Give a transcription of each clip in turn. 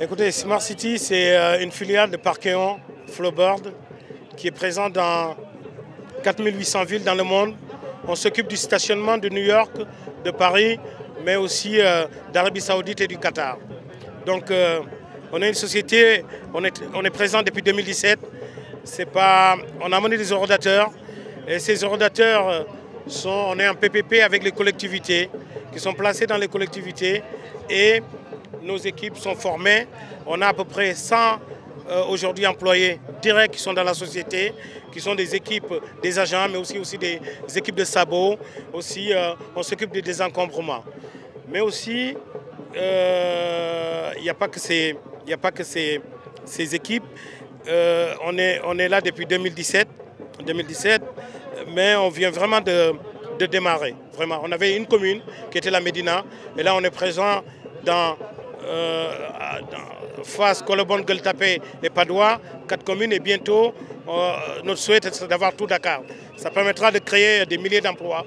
Écoutez, Smart City, c'est euh, une filiale de Parkeon Flowboard qui est présente dans 4800 villes dans le monde. On s'occupe du stationnement de New York, de Paris, mais aussi euh, d'Arabie Saoudite et du Qatar. Donc, euh, on est une société, on est, on est présent depuis 2017. C'est pas, on a mené des ordinateurs et ces ordinateurs euh, sont, on est en PPP avec les collectivités qui sont placés dans les collectivités et nos équipes sont formées. On a à peu près 100 euh, aujourd'hui employés directs qui sont dans la société, qui sont des équipes, des agents, mais aussi, aussi des équipes de sabots. Aussi, euh, on s'occupe des désencombrements. Mais aussi, il n'y a pas que a pas que ces équipes, euh, on, est, on est là depuis 2017, 2017 mais on vient vraiment de, démarrer. Vraiment. On avait une commune qui était la Médina, et là on est présent dans, euh, dans Colobon, Gueltapé et Padoua, quatre communes, et bientôt euh, notre souhait est d'avoir tout Dakar. Ça permettra de créer des milliers d'emplois,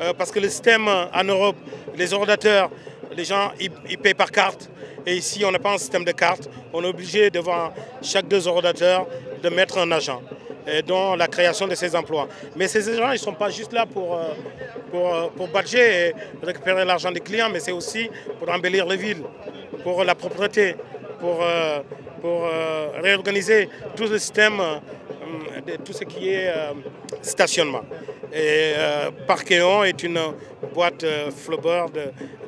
euh, parce que le système en Europe, les ordinateurs, les gens ils, paient par carte. Et ici, on n'a pas un système de carte. On est obligé, devant chaque deux ordinateurs, de mettre un agent dans la création de ces emplois. Mais ces agents, ils ne sont pas juste là pour, euh, pour, euh, pour badger et récupérer l'argent des clients, mais c'est aussi pour embellir les villes, pour la propreté, pour, euh, pour réorganiser tout le système, de tout ce qui est stationnement. Et euh, Parkeon est une boîte euh,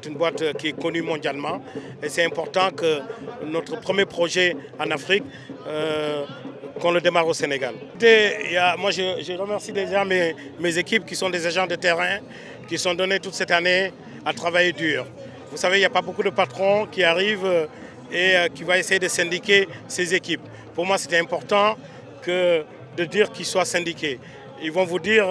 une boîte euh, qui est connue mondialement. Et c'est important que notre premier projet en Afrique, euh, qu'on le démarre au Sénégal. moi, je, remercie déjà mes, équipes qui sont des agents de terrain, qui sont donnés toute cette année à travailler dur. Vous savez, il n'y a pas beaucoup de patrons qui arrivent et qui vont essayer de syndiquer ces équipes. Pour moi, c'était important de dire qu'ils soient syndiqués. Ils vont vous dire,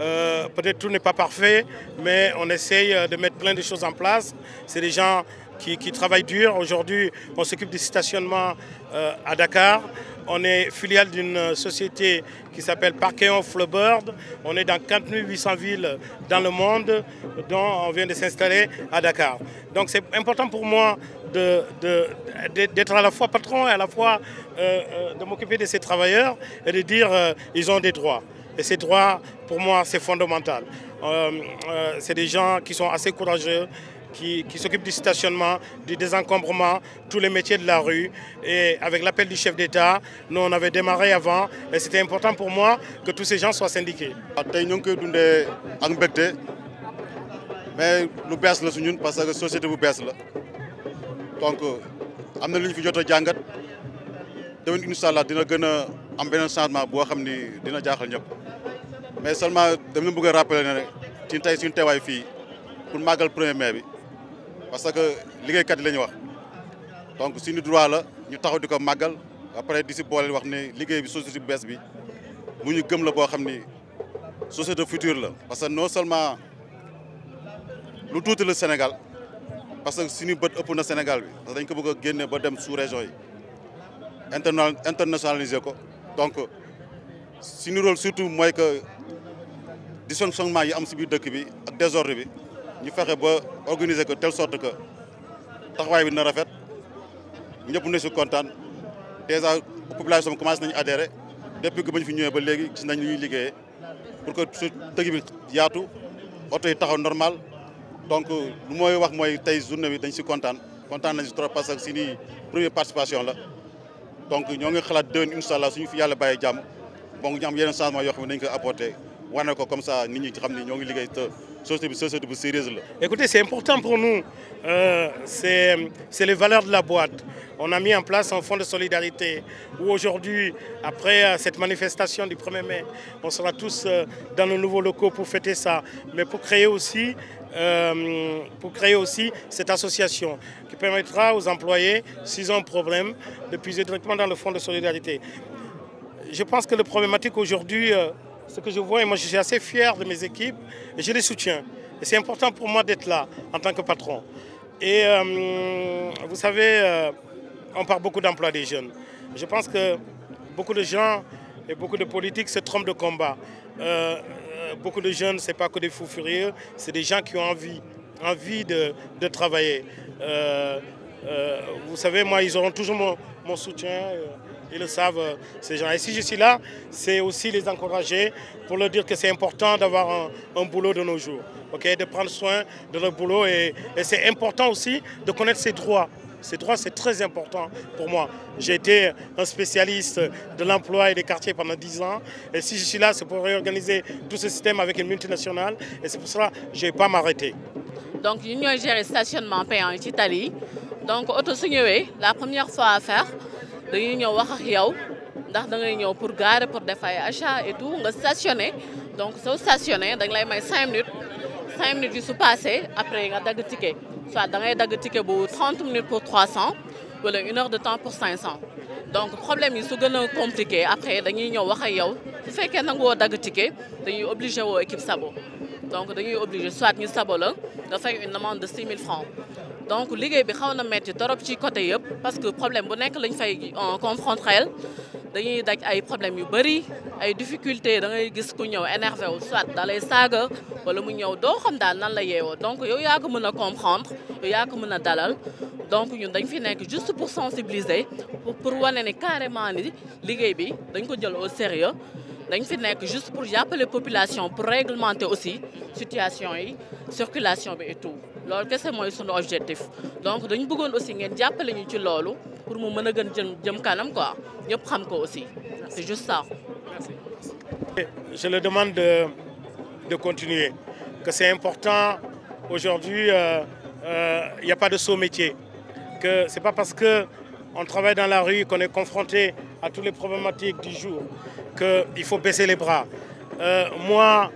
euh, peut-être tout n'est pas parfait, mais on essaye euh, de mettre plein de choses en place. C'est des gens qui, travaillent dur. Aujourd'hui, on s'occupe du stationnement euh, à Dakar. On est filiale d'une société qui s'appelle Parkeon Flowbird. On est dans 4800 villes dans le monde dont on vient de s'installer à Dakar. Donc c'est important pour moi d'être à la fois patron et à la fois de m'occuper de ces travailleurs et de dire qu'ils ont des droits. Et ces droits, pour moi, c'est fondamental. Euh, euh, c'est des gens qui sont assez courageux, qui, qui s'occupent du stationnement, du désencombrement, tous les métiers de la rue. Et avec l'appel du chef d'État, nous, on avait démarré avant. Et c'était important pour moi que tous ces gens soient syndiqués. Ah, mais lu bees la su ñun parce que société vous bees la donc am na une ñu fi jot des choses déwén incha dina gën am beneen changement boo xam dina mais seulement dama bëgg a rappeler ne rek tey suñu teewaay fii pour màggal premier mais bi parce que liggéeykat yi la ñu wax donc suñu droit la ñu taxaw di ko màggal après di si boole wax ne liggéey bi si bu bees bi mu ñu gëm la boo xam ni société future la. parce que non seulement lu tuuti la Sénégal parce que suñu bët ëpp na Sénégal bi parce que dañ ko bëgg génnee ba dem sous région yi interna internationaliser ko donc suñu rôle surtout mooy que dysfonctionnement yi am si biir dëkk bi ak désordre bi ñu fexe ba organiser ko telle sorte que taxawaay bi na rafet ñëpp ne si kontaan déjà population commence commencé nañu adhéré depuis que ba ñu fi ñëwee ba léegi gis nañ ñuy liggéeyee pour que su dëkk bi yaatu oto taxaw normal donc lu mooy wax moy tay journée bi dañ ci kontaan kontaan nañ si trop parce que si nii première participation la donc ñoo ngi xalat déwén incha suñu fi yalla baye jamm bon ñu am yeneen changement yo xam dañ ko apporter écoutez c'est important pour nous euh, c'est les valeurs de la boîte on a mis en place un fonds de solidarité où aujourd'hui après euh, cette manifestation du 1er mai on sera tous euh, dans nos nouveaux locaux pour fêter ça mais pour créer aussi pour créer aussi cette association qui permettra aux employés s'ils ont un problème de puiser directement dans le fonds de solidarité je pense que la problématique aujourd'hui ce que je vois, et moi je suis assez fier de mes équipes, et je les soutiens. Et c'est important pour moi d'être là en tant que patron. Et euh, vous savez, euh, on parle beaucoup d'emplois des jeunes. Je pense que beaucoup de gens et beaucoup de politiques se trompent de combat. Euh, beaucoup de jeunes, ce n'est pas que des fous furieux, c'est des gens qui ont envie, envie de, travailler. vous savez, moi, ils auront toujours mon soutien. Ils le savent, euh, ces gens. Et si je suis là, c'est aussi les encourager pour leur dire que c'est important d'avoir un, boulot de nos jours, ok, de prendre soin de leur boulot. Et, c'est important aussi de connaître ses droits. Ces droits, c'est très important pour moi. J'ai été un spécialiste de l'emploi et des quartiers pendant 10 ans. Et si je suis là, c'est pour réorganiser tout ce système avec une multinationale. Et c'est pour cela que je ne vais pas m'arrêter. Donc, l'Union gère le stationnement payant en Italie. Donc, auto la première fois à faire, dañuy ñëw wax ak yow ndax da ngay ñëw pour garer pour def ay achat et tout nga stationné donc soo stationné dañ lay may 5 minutes 5 minutes yu su passé après nga dagg ticket soit da ngay dagg ticket bu 30 minutes pour 300 wala une heure de temps pour 500 donc problème yi su gën a compliqué après dañuy ñëw wax ak yow su fekkee nangoo dagg ticket dañuy obligé woo équipe sabo donc dañuy obligé soit ñu sabo la nga fay une demande de 6 000 francs donc le bi xaw na metti torop ci côté parce que problème bu nekk lañ fay euh, confronter dañuy daj ay problème yu bëri ay difficulté difficultés, ngay gis ku ñëw énervé soit dans les sages, ou dans les doo xam daal donc yow devons ko comprendre yow devons ko faire donc nous, dañ fi juste pour sensibiliser pour pour ne carrément ni liggéey bi au sérieux Nous fi juste pour la population pour réglementer aussi situation la circulation et tout objectif donc aussi pour c'est juste ça. Je le demande de, continuer que c'est important aujourd'hui euh, euh, il n'y a pas de saut métier que n'est pas parce qu'on travaille dans la rue qu'on est confronté à toutes les problématiques du jour qu'il faut baisser les bras euh, moi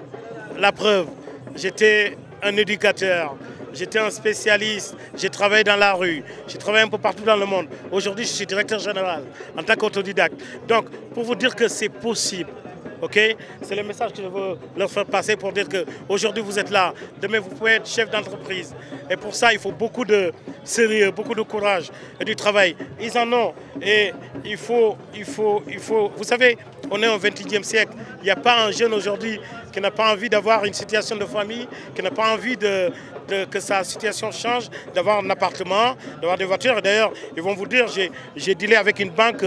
la preuve j'étais un éducateur J'étais un spécialiste, j'ai travaillé dans la rue, j'ai travaillé un peu partout dans le monde. Aujourd'hui, je suis directeur général en tant qu'autodidacte. Donc, pour vous dire que c'est possible, ok C'est le message que je veux leur faire passer pour dire qu'aujourd'hui vous êtes là, demain vous pouvez être chef d'entreprise. Et pour ça, il faut beaucoup de sérieux, beaucoup de courage et du travail. Ils en ont et il faut, il faut, il faut. Vous savez, on est au XXIe siècle. Il n'y a pas un jeune aujourd'hui qui n'a pas envie d'avoir une situation de famille, qui n'a pas envie de, que sa situation change, d'avoir un appartement, d'avoir des voitures. D'ailleurs, ils vont vous dire, j'ai dealé avec une banque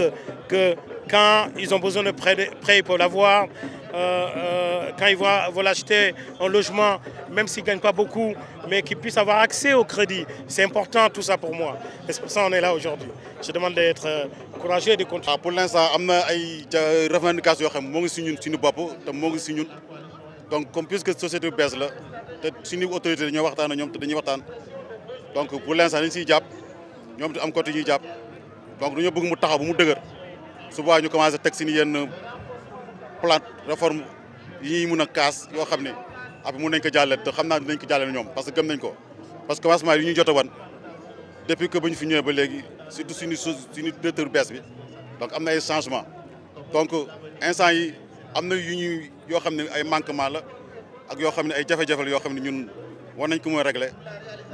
que quand ils ont besoin de prêt, pour l'avoir. Euh, euh, quand ils vont, acheter un logement, même s'ils ne gagnent pas beaucoup, mais qu'ils puissent avoir accès au crédit. C'est important tout ça pour moi. C'est pour ça qu'on est là aujourd'hui. Je demande d'être euh, courageux et de continuer. Ah, pour l'instant, il y a qui Donc, comme société baisse, Donc, pour l'instant, nous nous plan réforme yi ñuy mun a kaas yoo xam ne ab mun nañ ko jàllale te xam naa dinañ ko jàllale ñoom parce que gëm nañ ko parce que avancement yi ñu jot a wan depuis que bu ñu fi ñëwee ba léegi surtout suñu suñu directeur bees bi donc am na ay changement donc instant yi am na yu ñuy yoo xam ne ay manquement la ak yoo xam ne ay jafe yoo xam ne ñun war nañ ko mën a régler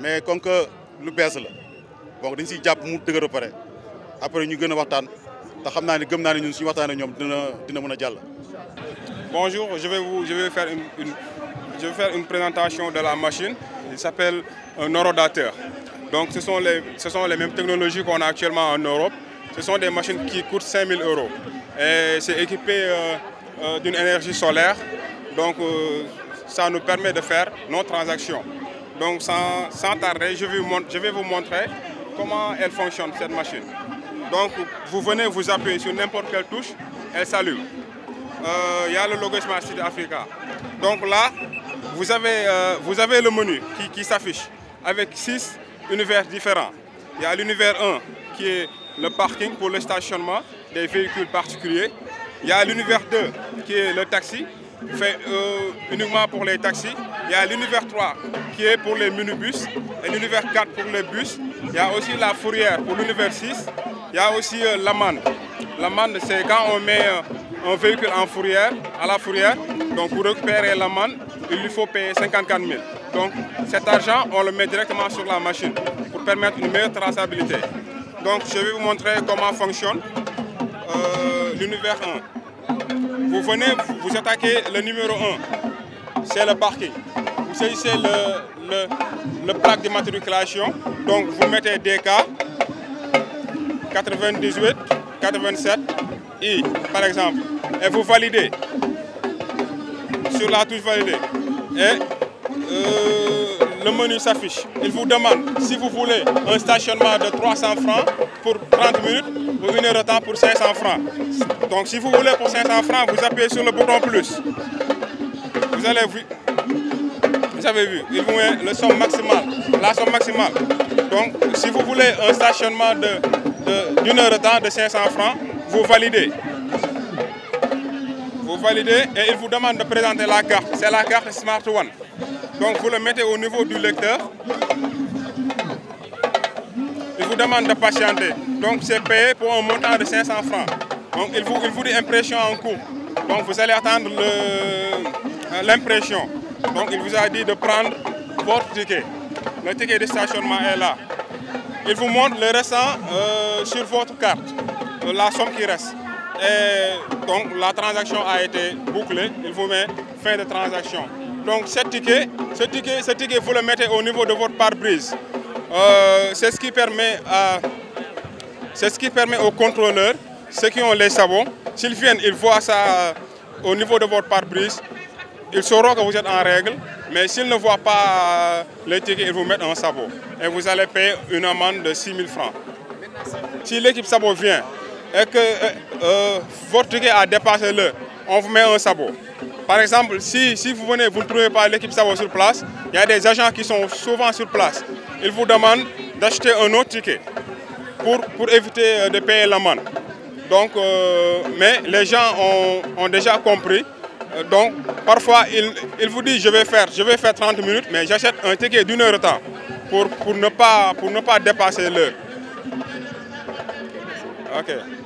mais comme que lu bees la donc dañ siy jàpp mu dëgër ba après ñu gën a waxtaan te xam naa ni gëm naa ne ñun suñu waxtaanee ñoom dina dina mën a jàll. Bonjour, je vais, vous, je vais faire une, je faire une présentation de la machine. Il s'appelle un orodateur. Donc ce sont les, ce sont les mêmes technologies qu'on a actuellement en Europe. Ce sont des machines qui coûtent 5000 euros. Et c'est équipé euh, euh, d'une énergie solaire. Donc euh, ça nous permet de faire nos transactions. Donc sans, tarder, je vais, je vais vous montrer comment elle fonctionne, cette machine. Donc vous venez vous appuyer sur n'importe quelle touche, elle s'allume il euh, y a le logo Smart Africa. Donc là, vous avez, euh, vous avez le menu qui, s'affiche avec six univers différents. Il y a l'univers 1 qui est le parking pour le stationnement des véhicules particuliers. Il y a l'univers 2 qui est le taxi, fait euh, uniquement pour les taxis. Il y a l'univers 3 qui est pour les minibus et l'univers 4 pour les bus. Il y a aussi la fourrière pour l'univers 6. Il y a aussi euh, l'amende. L'amende, c'est quand on met un véhicule en fourrière, à la fourrière. Donc pour récupérer la manne il lui faut payer 54 000. Donc cet argent, on le met directement sur la machine pour permettre une meilleure traçabilité. Donc je vais vous montrer comment fonctionne euh, l'univers 1. Vous venez, vous, attaquez le numéro 1, c'est le parking. Vous saisissez le, le, de matriculation donc vous mettez DK 98 87 I par exemple. Et vous validez. Sur la touche valider Et euh, le menu s'affiche. Il vous demande si vous voulez un stationnement de 300 francs pour 30 minutes ou une heure de temps pour 500 francs. Donc si vous voulez pour 500 francs, vous appuyez sur le bouton plus. Vous allez vous avez vu, il vous met le somme maximale, la somme maximale. Donc si vous voulez un stationnement d'une de, heure de temps de 500 francs, vous validez valider et il vous demande de présenter la carte. C'est la carte Smart One. Donc vous le mettez au niveau du lecteur. Il vous demande de patienter. Donc c'est payé pour un montant de 500 francs. Donc il vous, vous dit impression en cours. Donc vous allez attendre euh, l'impression. Donc il vous a dit de prendre votre ticket. Le ticket de stationnement est là. Il vous montre le récent euh, sur votre carte, la somme qui reste. Et donc la transaction a été bouclée, il vous met fin de transaction. Donc ce ticket, ce ticket, ce ticket vous le mettez au niveau de votre pare-brise. Euh, c'est ce qui permet à, c'est ce qui permet aux contrôleurs, ceux qui ont les sabots, s'ils viennent, ils voient ça euh, au niveau de votre pare-brise, ils sauront que vous êtes en règle, mais s'ils ne voient pas euh, le ticket, ils vous mettent un sabot. Et vous allez payer une amende de 6 000 francs. Si l'équipe sabot vient, et que euh, euh, votre ticket a dépassé l'heure, on vous met un sabot. Par exemple, si, vous venez, vous ne trouvez pas l'équipe sabot sur place, il y a des agents qui sont souvent sur place. Ils vous demandent d'acheter un autre ticket pour, pour éviter euh, de payer l'amende. Donc, mais les gens ont, déjà compris. Donc, parfois, ils, vous disent, je vais faire, je vais faire 30 minutes, mais j'achète un ticket d'une heure de temps pour, ne pas, pour ne pas dépasser l'heure. Okay.